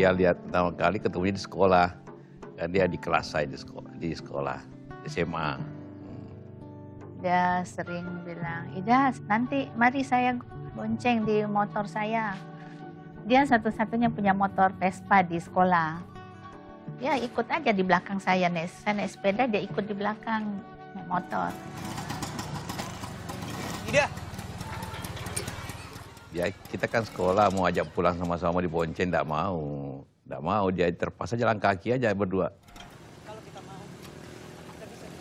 dia lihat pertama kali ketemunya di sekolah kan dia di kelas saya di sekolah di sekolah SMA dia sering bilang Ida nanti mari saya bonceng di motor saya dia satu-satunya punya motor Vespa di sekolah dia ikut aja di belakang saya naik saya naik sepeda dia ikut di belakang naik motor Ida ya kita kan sekolah mau ajak pulang sama-sama di Bonceng tidak mau tidak mau, dia terpaksa jalan kaki aja berdua.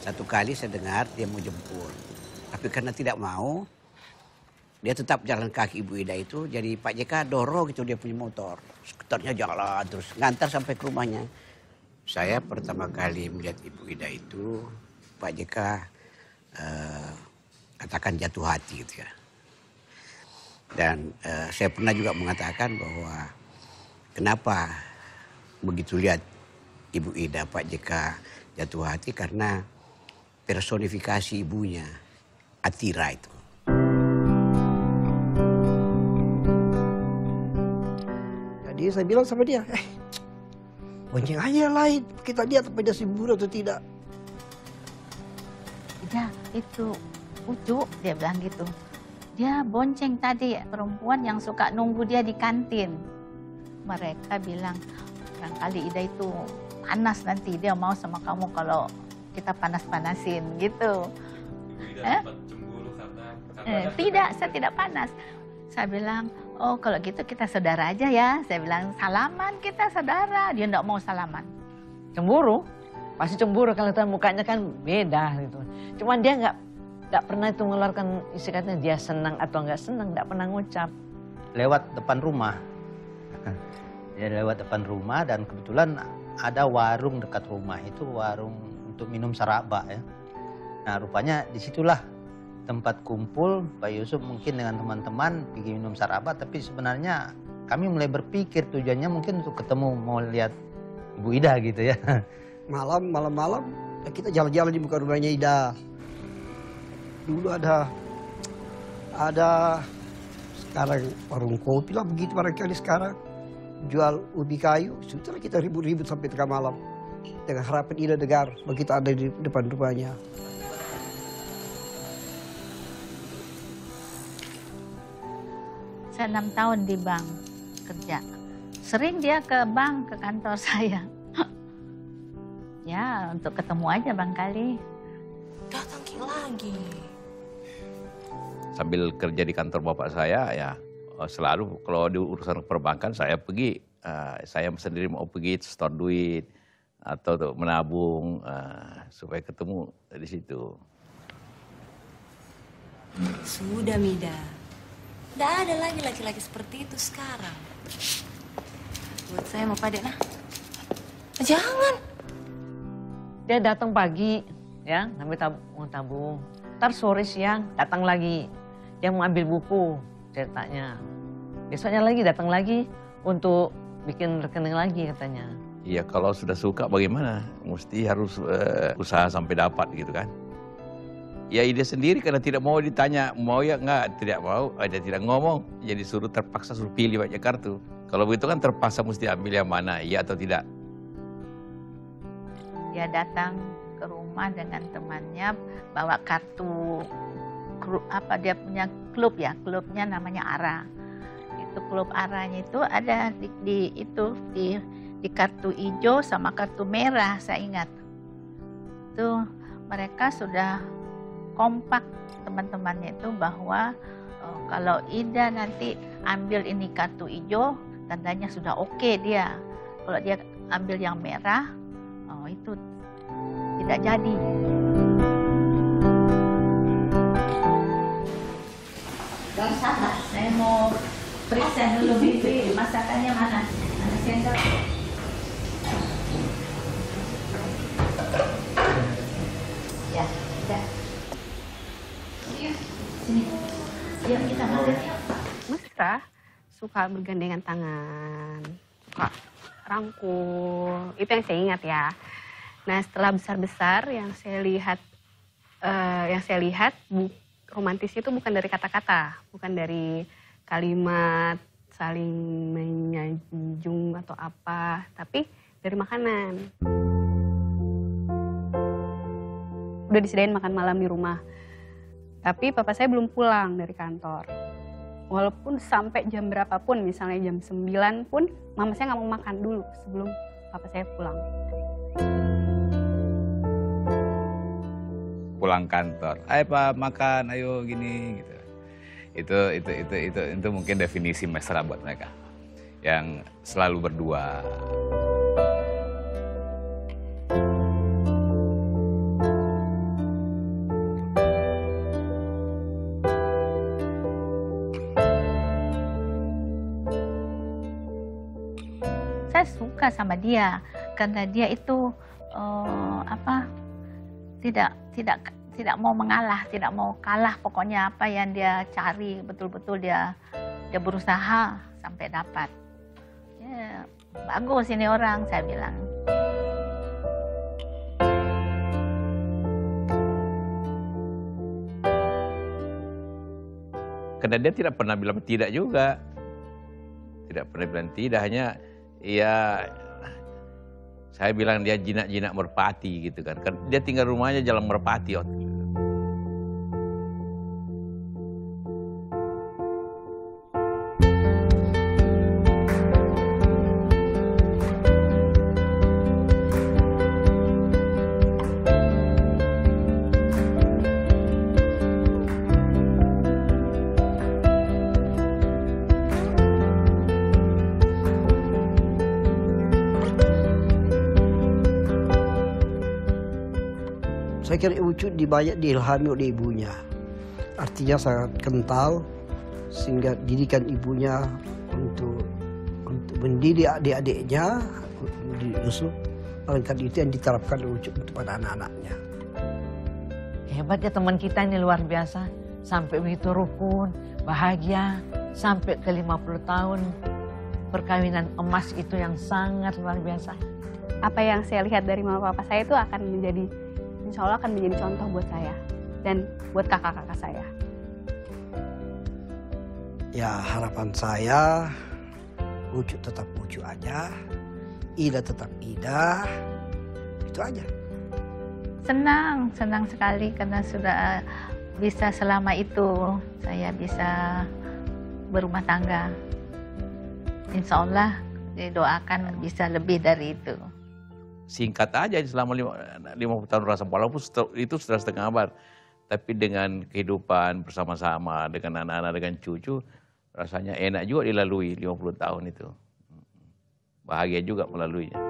Satu kali saya dengar dia mau jemput. Tapi karena tidak mau, dia tetap jalan kaki Ibu Ida itu. Jadi Pak JK dorong gitu dia punya motor. Skuternya jalan terus, ngantar sampai ke rumahnya. Saya pertama kali melihat Ibu Ida itu, Pak JK eh, katakan jatuh hati gitu ya. Dan eh, saya pernah juga mengatakan bahwa kenapa begitu lihat Ibu Ida Pak JK jatuh hati karena personifikasi ibunya Atira itu. Jadi saya bilang sama dia, eh bonceng aja lain kita lihat apa dia sibur atau tidak. Ya itu Ucu dia bilang gitu. Dia bonceng tadi perempuan yang suka nunggu dia di kantin. Mereka bilang, Kali Ida itu panas nanti dia mau sama kamu kalau kita panas-panasin gitu. eh? eh tidak, saya tidak panas. Saya bilang, oh kalau gitu kita saudara aja ya. Saya bilang salaman kita saudara. Dia tidak mau salaman. Cemburu, pasti cemburu kalau tahu mukanya kan beda gitu. Cuman dia nggak nggak pernah itu mengeluarkan katanya dia senang atau nggak senang, nggak pernah ngucap. Lewat depan rumah, ya lewat depan rumah dan kebetulan ada warung dekat rumah itu warung untuk minum saraba ya. Nah rupanya disitulah tempat kumpul Pak Yusuf mungkin dengan teman-teman pergi minum saraba tapi sebenarnya kami mulai berpikir tujuannya mungkin untuk ketemu mau lihat Ibu Ida gitu ya. Malam malam-malam ya kita jalan-jalan di muka rumahnya Ida. Dulu ada ada sekarang warung kopi lah begitu barangkali sekarang jual ubi kayu, sudah kita ribut-ribut sampai tengah malam. Dengan harapan ide dengar begitu ada di depan rumahnya. Saya enam tahun di bank kerja. Sering dia ke bank, ke kantor saya. ya, untuk ketemu aja bang kali. Datang lagi. Sambil kerja di kantor bapak saya, ya Eh, selalu kalau di urusan perbankan saya pergi, uh, saya sendiri mau pergi store duit atau tuh, menabung uh, supaya ketemu di situ. Sudah Mida, tidak ada lagi laki-laki seperti itu sekarang. Buat saya mau padek nah. Jangan. Dia datang pagi, ya, ngambil tabung, tabung. Ntar sore siang datang lagi. Dia mau ambil buku, ceritanya. Besoknya lagi datang lagi untuk bikin rekening lagi katanya. Iya kalau sudah suka bagaimana? Mesti harus uh, usaha sampai dapat gitu kan. Ya ide sendiri karena tidak mau ditanya mau ya enggak, tidak mau, ada tidak ngomong. Jadi suruh terpaksa suruh pilih banyak kartu. Kalau begitu kan terpaksa mesti ambil yang mana, iya atau tidak. Dia datang ke rumah dengan temannya bawa kartu grup apa dia punya klub ya klubnya namanya Ara itu klub Aranya itu ada di, di itu di di kartu hijau sama kartu merah saya ingat itu mereka sudah kompak teman-temannya itu bahwa oh, kalau Ida nanti ambil ini kartu hijau tandanya sudah oke okay dia kalau dia ambil yang merah oh itu tidak jadi. Gak usah saya mau periksa dulu bibi masakannya mana. Ada sendok. Ya, ya. Sini. Ya kita makan. Mesra suka bergandengan tangan, suka rangkul, itu yang saya ingat ya. Nah setelah besar-besar yang saya lihat, uh, yang saya lihat buku romantisnya itu bukan dari kata-kata, bukan dari kalimat saling menyanjung atau apa, tapi dari makanan. Udah disediain makan malam di rumah, tapi papa saya belum pulang dari kantor. Walaupun sampai jam berapapun, misalnya jam 9 pun, mama saya nggak mau makan dulu sebelum papa saya pulang. pulang kantor ayo pak makan ayo gini gitu itu itu itu itu itu mungkin definisi mesra buat mereka yang selalu berdua saya suka sama dia karena dia itu uh, apa tidak tidak tidak mau mengalah, tidak mau kalah. Pokoknya apa yang dia cari betul-betul dia dia berusaha sampai dapat. Ya, bagus ini orang saya bilang. Karena dia tidak pernah bilang tidak juga. Tidak pernah bilang tidak, hanya ya saya bilang dia jinak-jinak merpati gitu kan. kan dia tinggal rumahnya jalan merpati. Waktu. Saya kira Ucu dibayar diilhami oleh ibunya. Artinya sangat kental sehingga didikan ibunya untuk, untuk mendidik adik-adiknya di justru barangkali itu yang diterapkan oleh Ucu untuk pada anak-anaknya. Hebat ya teman kita ini luar biasa. Sampai begitu rukun, bahagia, sampai ke 50 tahun. Perkawinan emas itu yang sangat luar biasa. Apa yang saya lihat dari mama papa saya itu akan menjadi insya Allah akan menjadi contoh buat saya dan buat kakak-kakak saya. Ya harapan saya wujud tetap wujud aja, Ida tetap Ida, itu aja. Senang, senang sekali karena sudah eh, bisa selama itu saya bisa berumah tangga. Insya Allah didoakan bisa lebih dari itu singkat aja selama lima puluh tahun rasa walaupun itu sudah setengah abad. Tapi dengan kehidupan bersama-sama, dengan anak-anak, dengan cucu, rasanya enak juga dilalui 50 tahun itu. Hmm. Bahagia juga melaluinya.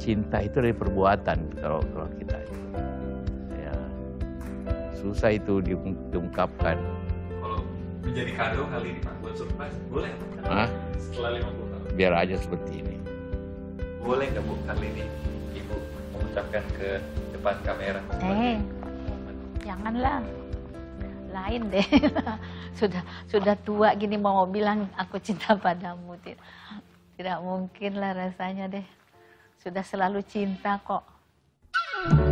cinta itu dari perbuatan kalau kalau kita ya susah itu diungkapkan kalau menjadi kado kali ini pak buat surprise boleh Hah? setelah lima puluh tahun biar aja seperti ini boleh nggak bu kali ini ibu mengucapkan ke depan kamera eh janganlah lain deh sudah sudah tua gini mau bilang aku cinta padamu tidak tidak mungkin lah rasanya deh sudah selalu cinta kok.